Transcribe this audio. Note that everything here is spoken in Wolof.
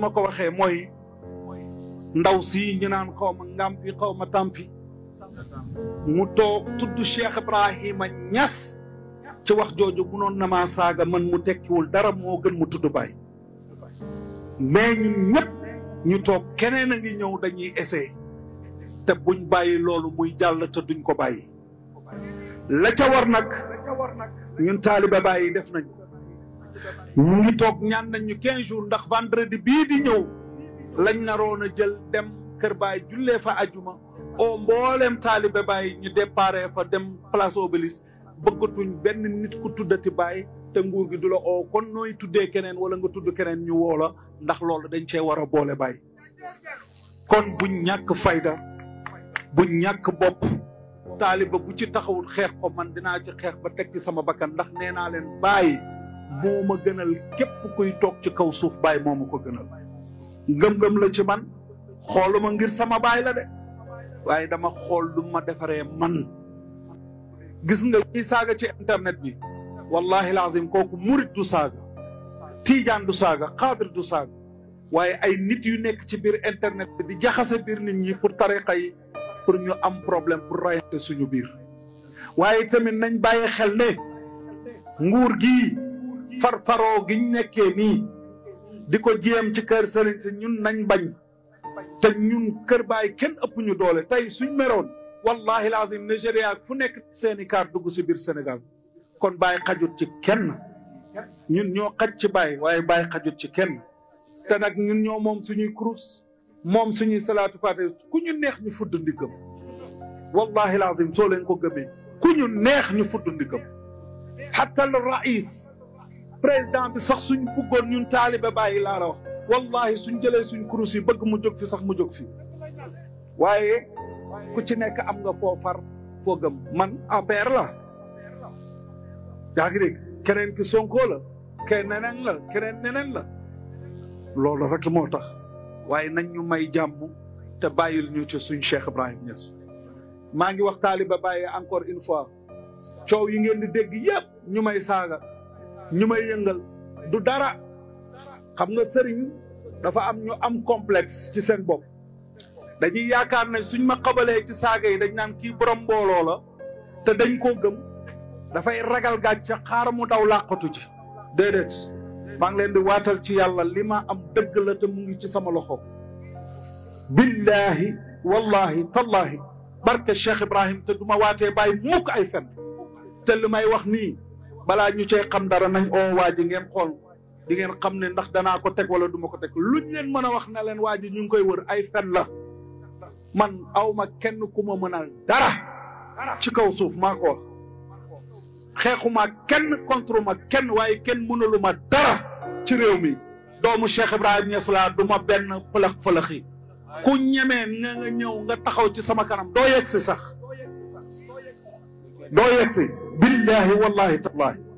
ma ko waxee mooy ndaw si ñu naan xaw ma ngàmpi xaw ma tàmpi mu toog tudd Cheikh Ibrahima Ñas ci wax jooju munoon na maa saaga man mu tekkiwul dara moo gën mu tudd baay mais ñun ñëpp ñu toog keneen a ngi ñëw dañuy essayer te buñ bàyyi loolu muy jàll te ko bàyyi la ca war nag ñun taaliba bàyyi def nañ ñu ngi toog ñaan nañu ñu quinze jours ndax vendredi bii di ñëw lañ naroon a jël dem kër baay jullee fa ajuma o mbooleem taalibe baay ñu déparé fa dem place Obélisque bëggatuñ benn nit ku tuddati baay te nguur gi du la oo kon nooy tuddee keneen wala nga tudd keneen ñu woo la ndax loolu dañ cee war a boole baay kon buñ ñàkk fayda buñ ñàkk bopp taaliba bu ci taxawul xeex ko man dinaa ci xeex ba teg ci sama bakkan ndax nee naa leen bàyyi moo ma gënal képp kuy toog ci kaw suuf baay moo ma ko gënal ngëm-ngëm la ci man xooluma ngir sama baay la de waaye dama xool du ma defaree man gis nga kii saaga ci internet bi wallahi lazim kooku murit du saaga tiijaan du saaga xaadir du saaga waaye ay nit yu nekk ci biir internet bi di jaxase biir nit ñi pour tariqa yi pour ñu am problème pour rayante suñu biir waaye tamit nañ bàyyi xel ne nguur gii farfaroo giñ nekkee nii di ko jéem ci kër sëriñ si ñun nañ bañ te ñun kër baay kenn ëpp ñu doole tey suñ meroon wallahi lazim Nigéria fu nekk seeni kaar dugg si biir Sénégal kon baay xajut ci kenn ñun ñoo xaj ci baay waaye baay xajut ci kenn te nag ñun ñoo moom suñuy kurus moom suñuy salaatu faate ku ñu neex ñu fudd ndiggam wallahi lazim soo leen ko gëmee ku ñu neex ñu fudd ndiggam xatta le raïs président sax suñ bëggoon ñun taalibe bàyyi laa la wax wallahi suñ jëlee suñ kurus yi bëgg mu jóg fi sax mu jog fi waaye ku ci nekk am nga foo far foo man APR la yaa ngi dégg keneen ki Sonko la keneen neneen la keneen neneen la loolu rek moo tax waaye nañ ñu may jàmm te bàyyil ñu ci suñ Cheikh Ibrahim Niass maa ngi wax taalibe bàyyi encore une fois coow yi ngeen di dégg yëpp ñu may saaga ñu may yëngal du dara xam nga sëriñ dafa am ñu am complex ci seen bopp dañuy yaakaar ne suñ ma xabalee ci saaga yi dañ naan kii borom mbooloo la te dañ koo gëm dafay ragal gàcce xaar mu daw làqatu ci déedéet maa leen di waatal ci yàlla li ma am dëgg la te mu ci sama loxo billahi wallahi tallahi barke Cheikh Ibrahim te du ma waatee bàyyi mukk ay fen te li may wax nii Bala ñu cey xam dara nañ o waji ngeen xol di ngeen xam ne ndax danaa ko teg wala duma ko teg luñ leen mën a wax na leen waji ñu ngi koy wër ay fen la man awma kenn ku ma mënal dara ci kaw suuf maa ko xeexuma kenn contre ma kenn waaye kenn mënaluma dara ci réew mi doomu cheikh ibrahim ñes duma benn fëlëx fëlëxi ku ñemee nga nga ñëw nga taxaw ci sama kanam doo yegsi sax doo بالله والله تالله